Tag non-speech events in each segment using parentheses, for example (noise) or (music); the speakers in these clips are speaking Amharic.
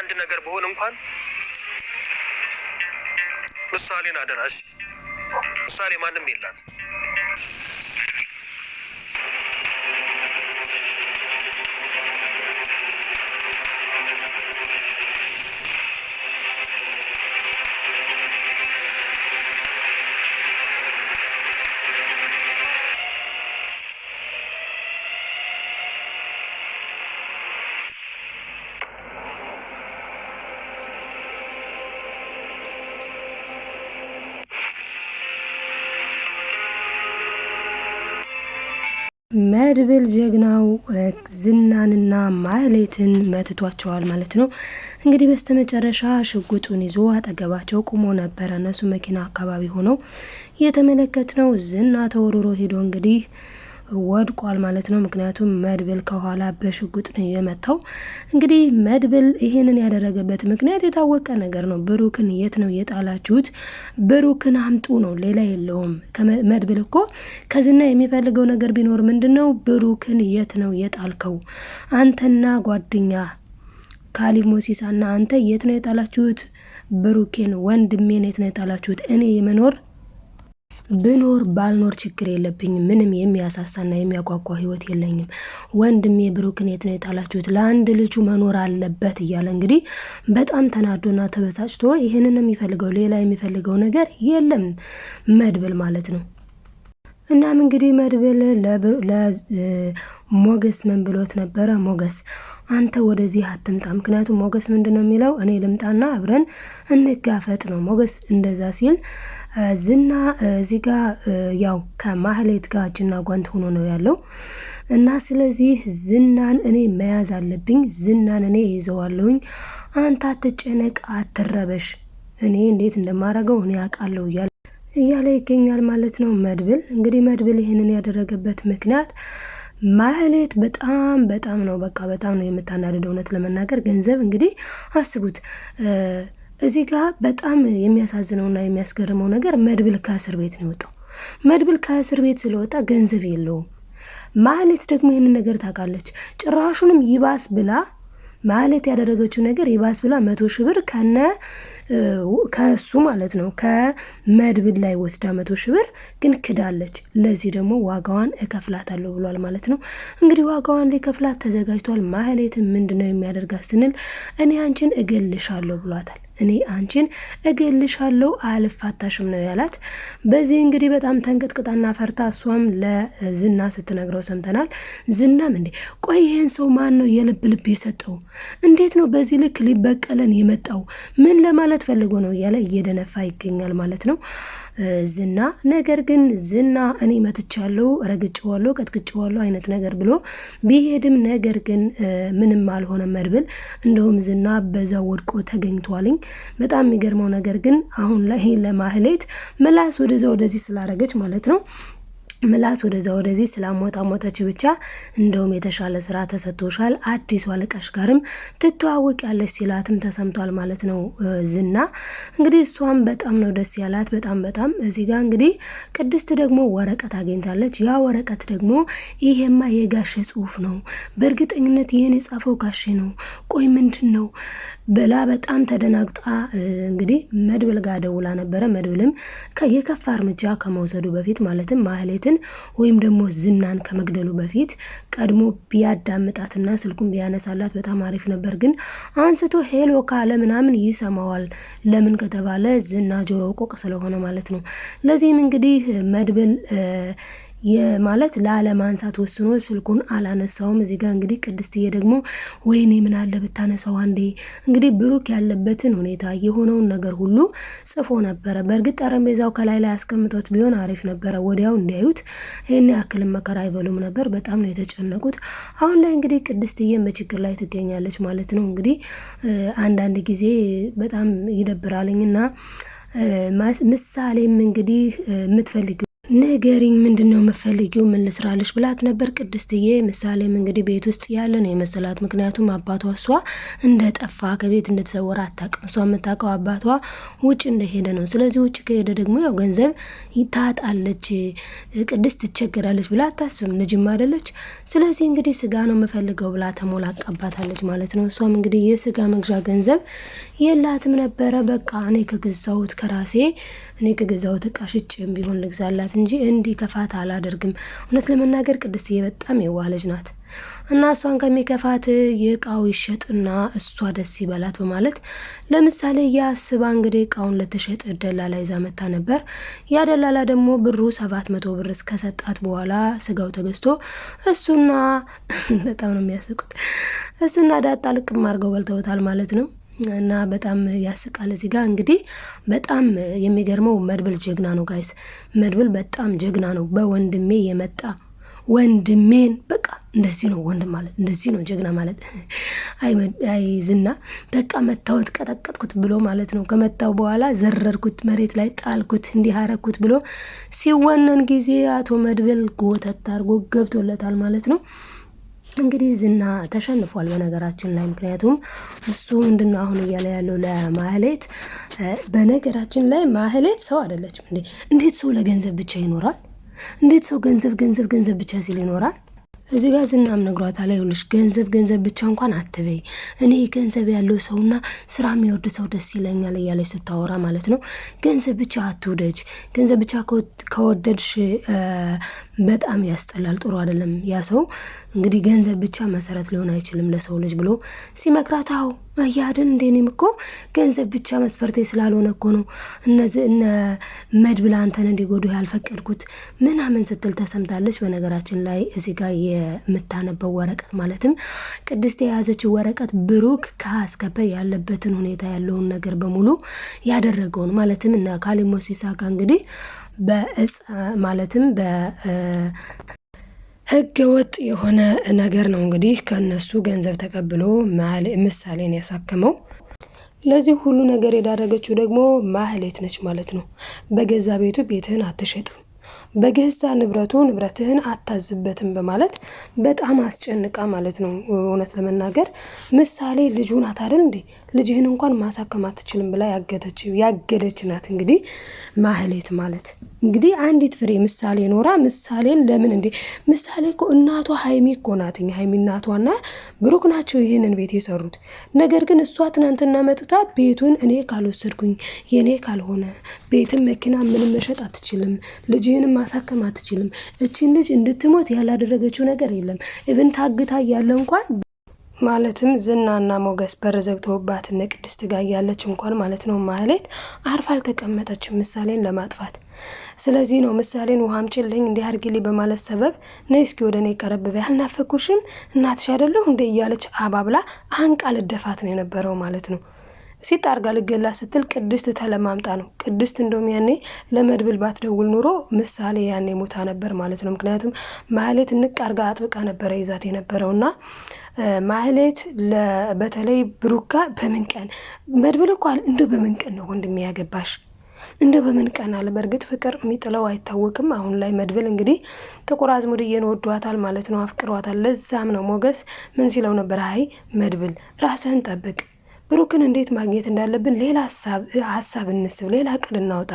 አንድ ነገር በሆን እንኳን ምሳሌን አደራሽ ምሳሌ ማንም የላት መድብል ጀግናው ዝናንና ማህሌትን መትቷቸዋል ማለት ነው። እንግዲህ በስተመጨረሻ ሽጉጡን ይዞ አጠገባቸው ቁሞ ነበረ። እነሱ መኪና አካባቢ ሆነው እየተመለከት ነው። ዝና ተወርሮ ሄዶ እንግዲህ ወድቋል ማለት ነው። ምክንያቱም መድብል ከኋላ በሽጉጥ ነው የመታው። እንግዲህ መድብል ይህንን ያደረገበት ምክንያት የታወቀ ነገር ነው። ብሩክን የት ነው የጣላችሁት? ብሩክን አምጡ ነው፣ ሌላ የለውም። መድብል እኮ ከዝና የሚፈልገው ነገር ቢኖር ምንድን ነው? ብሩክን የት ነው የጣልከው? አንተና ጓደኛ ካሊሞሲሳና አንተ የት ነው የጣላችሁት? ብሩኬን ወንድሜን የት ነው የጣላችሁት? እኔ የመኖር ብኖር ባልኖር ችግር የለብኝም። ምንም የሚያሳሳና የሚያጓጓ ህይወት የለኝም። ወንድሜ ብሩክን የት ነው የጣላችሁት? ለአንድ ልጁ መኖር አለበት እያለ እንግዲህ በጣም ተናዶና ተበሳጭቶ ይህንን የሚፈልገው ሌላ የሚፈልገው ነገር የለም መድብል ማለት ነው። እናም እንግዲህ መድብል ሞገስ ምን ብሎት ነበረ? ሞገስ አንተ ወደዚህ አትምጣ። ምክንያቱም ሞገስ ምንድን ነው የሚለው እኔ ልምጣና አብረን እንጋፈጥ ነው። ሞገስ እንደዛ ሲል ዝና እዚህ ጋ ያው ከማህሌት ጋር እጅና ጓንት ሆኖ ነው ያለው እና ስለዚህ ዝናን እኔ መያዝ አለብኝ። ዝናን እኔ ይዘዋለሁኝ። አንተ አትጨነቅ፣ አትረበሽ። እኔ እንዴት እንደማረገው እኔ አውቃለሁ እያለ እያለ ይገኛል ማለት ነው። መድብል እንግዲህ መድብል ይህንን ያደረገበት ምክንያት ማህሌት በጣም በጣም ነው በቃ በጣም ነው የምታናድድ። እውነት ለመናገር ገንዘብ እንግዲህ አስቡት። እዚህ ጋር በጣም የሚያሳዝነውና የሚያስገርመው ነገር መድብል ከእስር ቤት ነው የወጣው። መድብል ከእስር ቤት ስለወጣ ገንዘብ የለውም። ማህሌት ደግሞ ይህንን ነገር ታውቃለች። ጭራሹንም ይባስ ብላ ማህሌት ያደረገችው ነገር ይባስ ብላ መቶ ሺህ ብር ከነ ከእሱ ማለት ነው ከመድብል ላይ ወስዳ መቶ ሺህ ብር ግን ክዳለች። ለዚህ ደግሞ ዋጋዋን እከፍላታለሁ ብሏል ማለት ነው። እንግዲህ ዋጋዋን ሊከፍላት ተዘጋጅቷል። ማህሌትን ምንድን ነው የሚያደርጋት ስንል እኔ አንቺን እገልሻለሁ ብሏታል። እኔ አንቺን እገልሻለሁ አልፋታሽም ነው ያላት። በዚህ እንግዲህ በጣም ተንቀጥቅጣና ፈርታ እሷም ለዝና ስትነግረው ሰምተናል። ዝናም እንዴ ቆይ ይህን ሰው ማን ነው የልብ ልብ የሰጠው? እንዴት ነው በዚህ ልክ ሊበቀለን የመጣው? ምን ለማለት ፈልጎ ነው እያለ እየደነፋ ይገኛል ማለት ነው። ዝና ነገር ግን ዝና እኔ መትቻለሁ፣ ረግጬዋለሁ፣ ቀጥቅጬዋለሁ አይነት ነገር ብሎ ቢሄድም ነገር ግን ምንም አልሆነ መድብል። እንደውም ዝና በዛ ወድቆ ተገኝቷልኝ። በጣም የሚገርመው ነገር ግን አሁን ላይ ለማህሌት ምላስ ወደዛ ወደዚህ ስላረገች ማለት ነው ምላስ ወደዛ ወደዚህ ሞተች ብቻ እንደውም የተሻለ ስራ ተሰጥቶሻል፣ አዲሱ አለቃሽ ጋርም ያለች ሲላትም ተሰምቷል ማለት ነው። ዝና እንግዲህ እሷም በጣም ነው ደስ ያላት፣ በጣም በጣም እዚህ ጋር እንግዲህ ቅድስት ደግሞ ወረቀት አግኝታለች። ያ ወረቀት ደግሞ ይሄማ የጋሼ ጽሁፍ ነው፣ በእርግጠኝነት ይህን የጻፈው ጋሼ ነው። ቆይ ምንድን ነው ብላ በጣም ተደናግጣ እንግዲህ መድብል ጋር ደውላ ነበረ። መድብልም የከፋ እርምጃ ከመውሰዱ በፊት ማለትም ማህሌትን ወይም ደግሞ ዝናን ከመግደሉ በፊት ቀድሞ ቢያዳምጣትና ስልኩን ቢያነሳላት በጣም አሪፍ ነበር። ግን አንስቶ ሄሎ ካለ ምናምን ይሰማዋል። ለምን ከተባለ ዝና ጆሮ ቆቅ ስለሆነ ማለት ነው። ለዚህም እንግዲህ መድብል ማለት ላለማንሳት ወስኖ ስልኩን አላነሳውም። እዚህ ጋር እንግዲህ ቅድስትዬ ደግሞ ወይኔ ምን አለ ብታነሳው አንዴ እንግዲህ ብሩክ ያለበትን ሁኔታ የሆነውን ነገር ሁሉ ጽፎ ነበረ። በእርግጥ ጠረጴዛው ከላይ ላይ አስቀምጦት ቢሆን አሪፍ ነበረ፣ ወዲያው እንዲያዩት ይህን ያክልን መከራ አይበሉም ነበር። በጣም ነው የተጨነቁት። አሁን ላይ እንግዲህ ቅድስትዬን በችግር ላይ ትገኛለች ማለት ነው። እንግዲህ አንዳንድ ጊዜ በጣም ይደብራልኝ እና ምሳሌም እንግዲህ የምትፈልግ ንገሪኝ ምንድን ነው የምፈልጊው? ምን ብላት ነበር ቅድስትዬ። ምሳሌም እንግዲህ ቤት ውስጥ ያለ ነው የመሰላት። ምክንያቱም አባቷ እሷ እንደጠፋ ከቤት እንደተሰወረ አታውቅም። እሷ የምታውቀው አባቷ ውጭ እንደሄደ ነው። ስለዚህ ውጭ ከሄደ ደግሞ ያው ገንዘብ ታጣለች፣ ቅድስት ትቸገራለች ብላ አታስብም። ልጅም አይደለች። ስለዚህ እንግዲህ ስጋ ነው የምፈልገው ብላ አቀባታለች ማለት ነው። እሷም እንግዲህ የስጋ መግዣ ገንዘብ የላትም ነበረ። በቃ እኔ ከገዛሁት ከራሴ እኔ ከገዛሁት ዕቃ ሽጬም ቢሆን ልግዛላት እንጂ እንዲህ ከፋት አላደርግም። እውነት ለመናገር ቅድስትዬ በጣም የዋህ ልጅ ናት እና እሷን ከሚከፋት የእቃው ይሸጥና እሷ ደስ ይበላት በማለት ለምሳሌ የአስባ እንግዲህ እቃውን ለተሸጥ ደላላ ይዛ መታ ነበር። ያ ደላላ ደግሞ ብሩ ሰባት መቶ ብር እስከሰጣት በኋላ ስጋው ተገዝቶ እሱና (coughs) በጣም ነው የሚያስቁት እሱና ዳጣ ልቅም አድርገው በልተውታል ማለት ነው። እና በጣም ያስቃል። እዚህ ጋር እንግዲህ በጣም የሚገርመው መድብል ጀግና ነው ጋይስ፣ መድብል በጣም ጀግና ነው። በወንድሜ የመጣ ወንድሜን በቃ እንደዚህ ነው ወንድ ማለት እንደዚህ ነው ጀግና ማለት። አይ ዝና በቃ መታወት ቀጠቀጥኩት ብሎ ማለት ነው። ከመታው በኋላ ዘረርኩት፣ መሬት ላይ ጣልኩት፣ እንዲህ አረግኩት ብሎ ሲወነን ጊዜ አቶ መድብል ጎተት አድርጎ ገብቶለታል ማለት ነው። እንግዲህ ዝና ተሸንፏል በነገራችን ላይ ምክንያቱም እሱ ምንድን ነው አሁን እያለ ያለው ለማህሌት በነገራችን ላይ ማህሌት ሰው አይደለችም እንዴ እንዴት ሰው ለገንዘብ ብቻ ይኖራል እንዴት ሰው ገንዘብ ገንዘብ ገንዘብ ብቻ ሲል ይኖራል እዚህ ጋር ዝናም ላይ ይኸውልሽ ገንዘብ ገንዘብ ብቻ እንኳን አትበይ እኔ ገንዘብ ያለው ሰውና ስራ የሚወድ ሰው ደስ ይለኛል እያለች ስታወራ ማለት ነው ገንዘብ ብቻ አትውደጅ ገንዘብ ብቻ ከወደድሽ በጣም ያስጠላል። ጥሩ አይደለም። ያ ሰው እንግዲህ ገንዘብ ብቻ መሰረት ሊሆን አይችልም ለሰው ልጅ ብሎ ሲመክራት፣ አዎ እያድን እንደ እኔም እኮ ገንዘብ ብቻ መስፈርቴ ስላልሆነ እኮ ነው እነዚህ እነ መድብል አንተን እንዲጎዱ ያልፈቀድኩት ምናምን ስትል ተሰምታለች። በነገራችን ላይ እዚህ ጋር የምታነበው ወረቀት ማለትም ቅድስት የያዘችው ወረቀት ብሩክ ከአስከበ ያለበትን ሁኔታ ያለውን ነገር በሙሉ ያደረገውን ማለትም እነ ካሊሞ እንግዲህ በእጽ ማለትም በ ህገ ወጥ የሆነ ነገር ነው እንግዲህ ከነሱ ገንዘብ ተቀብሎ ምሳሌን ያሳከመው። ለዚህ ሁሉ ነገር የዳረገችው ደግሞ ማህሌት ነች ማለት ነው። በገዛ ቤቱ ቤትህን አትሸጥም፣ በገዛ ንብረቱ ንብረትህን አታዝበትም በማለት በጣም አስጨንቃ ማለት ነው። እውነት ለመናገር ምሳሌ ልጁ ናት አይደል እንዴ? ልጅህን እንኳን ማሳከም አትችልም ብላ ያገተች ያገደች ናት። እንግዲህ ማህሌት ማለት እንግዲህ አንዲት ፍሬ ምሳሌ ኖራ ምሳሌን ለምን እንዴ ምሳሌ እኮ እናቷ ሀይሚ እኮ ናት። ሀይሚ እናቷና ብሩክ ናቸው ይህንን ቤት የሰሩት። ነገር ግን እሷ ትናንትና መጥታ ቤቱን እኔ ካልወሰድኩኝ የእኔ ካልሆነ ቤትን መኪና ምንም መሸጥ አትችልም፣ ልጅህንም ማሳከም አትችልም፣ እችን ልጅ እንድትሞት ያላደረገችው ነገር የለም። ኢቭን ታግታ እያለ እንኳን ማለትም ዝናና ሞገስ በር ዘግተውባት እነ ቅድስት ጋ እያለች እንኳን ማለት ነው ማህሌት አርፍ አልተቀመጠችም ምሳሌን ለማጥፋት። ስለዚህ ነው ምሳሌን ውሃ አምጪልኝ እንዲህ አድርጊልኝ በማለት ሰበብ ነይ እስኪ ወደ እኔ ቀረብ በይ አልናፈኩሽም እናትሽ አይደለሁ እንዴ እያለች አባብላ አንቃ ልደፋት ነው የነበረው ማለት ነው። ሲጥ አርጋ ልገላ ስትል ቅድስት ተለማምጣ ነው። ቅድስት እንደውም ያኔ ለመድብል ባትደውል ኑሮ ምሳሌ ያኔ ሞታ ነበር ማለት ነው። ምክንያቱም ማህሌት ንቅ አርጋ አጥብቃ ነበረ ይዛት የነበረውና ማህሌት በተለይ ብሩካ በምን ቀን መድብል እኮ አለ እንደ በምን ቀን ነው ወንድም ያገባሽ እንደ በምን ቀን አለ። በእርግጥ ፍቅር የሚጥለው አይታወቅም። አሁን ላይ መድብል እንግዲህ ጥቁር አዝሙድዬን ወዷታል ማለት ነው፣ አፍቅሯታል። ለዛም ነው ሞገስ ምን ሲለው ነበር? አይ መድብል ራስህን ጠብቅ፣ ብሩክን እንዴት ማግኘት እንዳለብን ሌላ ሀሳብ እንስብ፣ ሌላ እቅድ እናውጣ።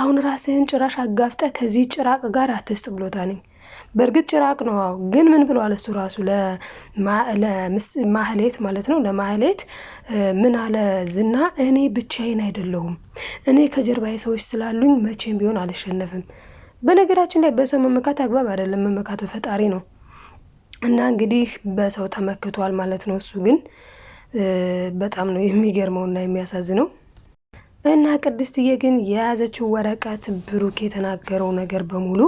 አሁን ራስህን ጭራሽ አጋፍጠ ከዚህ ጭራቅ ጋር አትስጥ ነኝ በእርግጥ ጭራቅ ነው። አዎ፣ ግን ምን ብሏል እሱ ራሱ ለማህሌት ማለት ነው። ለማህሌት ምን አለ ዝና፣ እኔ ብቻዬን አይደለሁም፣ እኔ ከጀርባዬ ሰዎች ስላሉኝ መቼም ቢሆን አልሸነፍም። በነገራችን ላይ በሰው መመካት አግባብ አይደለም። መመካት በፈጣሪ ነው እና እንግዲህ በሰው ተመክቷል ማለት ነው። እሱ ግን በጣም ነው የሚገርመውና የሚያሳዝነው። እና ቅድስትዬ ግን የያዘችው ወረቀት ብሩክ የተናገረው ነገር በሙሉ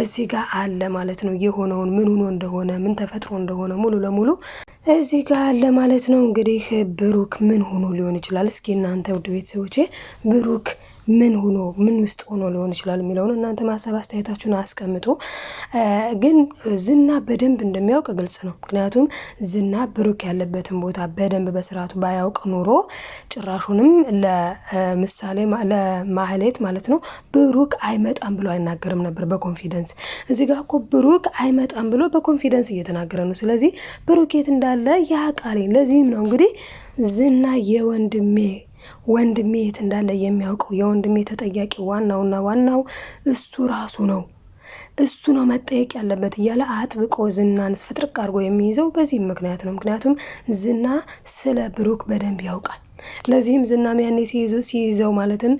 እዚህ ጋር አለ ማለት ነው። የሆነውን ምን ሆኖ እንደሆነ ምን ተፈጥሮ እንደሆነ ሙሉ ለሙሉ እዚህ ጋር አለ ማለት ነው። እንግዲህ ብሩክ ምን ሆኖ ሊሆን ይችላል? እስኪ እናንተ ውድ ቤተሰቦቼ ብሩክ ምን ሆኖ ምን ውስጥ ሆኖ ሊሆን ይችላል የሚለውን እናንተ ማሰብ አስተያየታችሁን አስቀምጡ። ግን ዝና በደንብ እንደሚያውቅ ግልጽ ነው። ምክንያቱም ዝና ብሩክ ያለበትን ቦታ በደንብ በስርዓቱ ባያውቅ ኑሮ ጭራሹንም ለምሳሌ ለማህሌት ማለት ነው ብሩክ አይመጣም ብሎ አይናገርም ነበር በኮንፊደንስ። እዚህ ጋር እኮ ብሩክ አይመጣም ብሎ በኮንፊደንስ እየተናገረ ነው። ስለዚህ ብሩክ የት እንዳለ ያውቃል። ለዚህም ነው እንግዲህ ዝና የወንድሜ ወንድሜ የት እንዳለ የሚያውቀው የወንድሜ ተጠያቂ ዋናውና ዋናው እሱ ራሱ ነው እሱ ነው መጠየቅ ያለበት እያለ አጥብቆ ዝናን ፍጥርቅ አድርጎ የሚይዘው በዚህም ምክንያት ነው። ምክንያቱም ዝና ስለ ብሩክ በደንብ ያውቃል። ለዚህም ዝናም ያኔ ሲይዘው ማለትም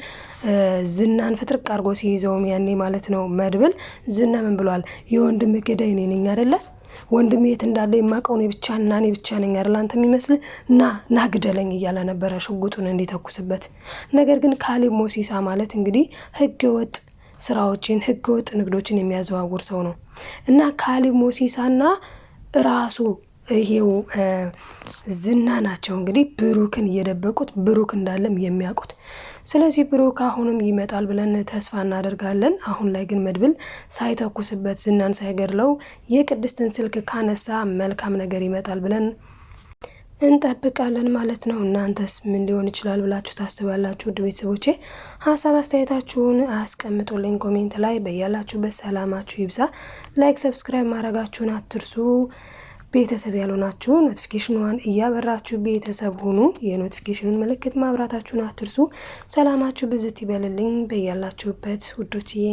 ዝናን ፍጥርቅ አድርጎ ሲይዘውም ያኔ ማለት ነው መድብል ዝና ምን ብሏል? የወንድም ገዳይ እኔ ነኝ አይደለ ወንድም የት እንዳለ የማውቀው እኔ ብቻ እና እኔ ብቻ ነኝ አይደል አንተ የሚመስል ና ና ግደለኝ እያለ ነበረ ሽጉጡን እንዲተኩስበት። ነገር ግን ካሌብ ሞሲሳ ማለት እንግዲህ ህገ ወጥ ስራዎችን ህገ ወጥ ንግዶችን የሚያዘዋውር ሰው ነው እና ካሌብ ሞሲሳና ራሱ ይሄው ዝና ናቸው እንግዲህ ብሩክን እየደበቁት ብሩክ እንዳለም የሚያውቁት ስለዚህ ብሩክ አሁንም ይመጣል ብለን ተስፋ እናደርጋለን። አሁን ላይ ግን መድብል ሳይተኩስበት ዝናን ሳይገድለው የቅድስትን ስልክ ካነሳ መልካም ነገር ይመጣል ብለን እንጠብቃለን ማለት ነው። እናንተስ ምን ሊሆን ይችላል ብላችሁ ታስባላችሁ? ውድ ቤተሰቦቼ ሀሳብ አስተያየታችሁን አስቀምጡልኝ ኮሜንት ላይ። በያላችሁበት ሰላማችሁ ይብዛ። ላይክ፣ ሰብስክራይብ ማድረጋችሁን አትርሱ። ቤተሰብ ያልሆናችሁ ኖቲፊኬሽንዋን እያበራችሁ ቤተሰብ ሁኑ። የኖቲፊኬሽኑን ምልክት ማብራታችሁን አትርሱ። ሰላማችሁ ብዝት ይበልልኝ በያላችሁበት ውዶችዬ።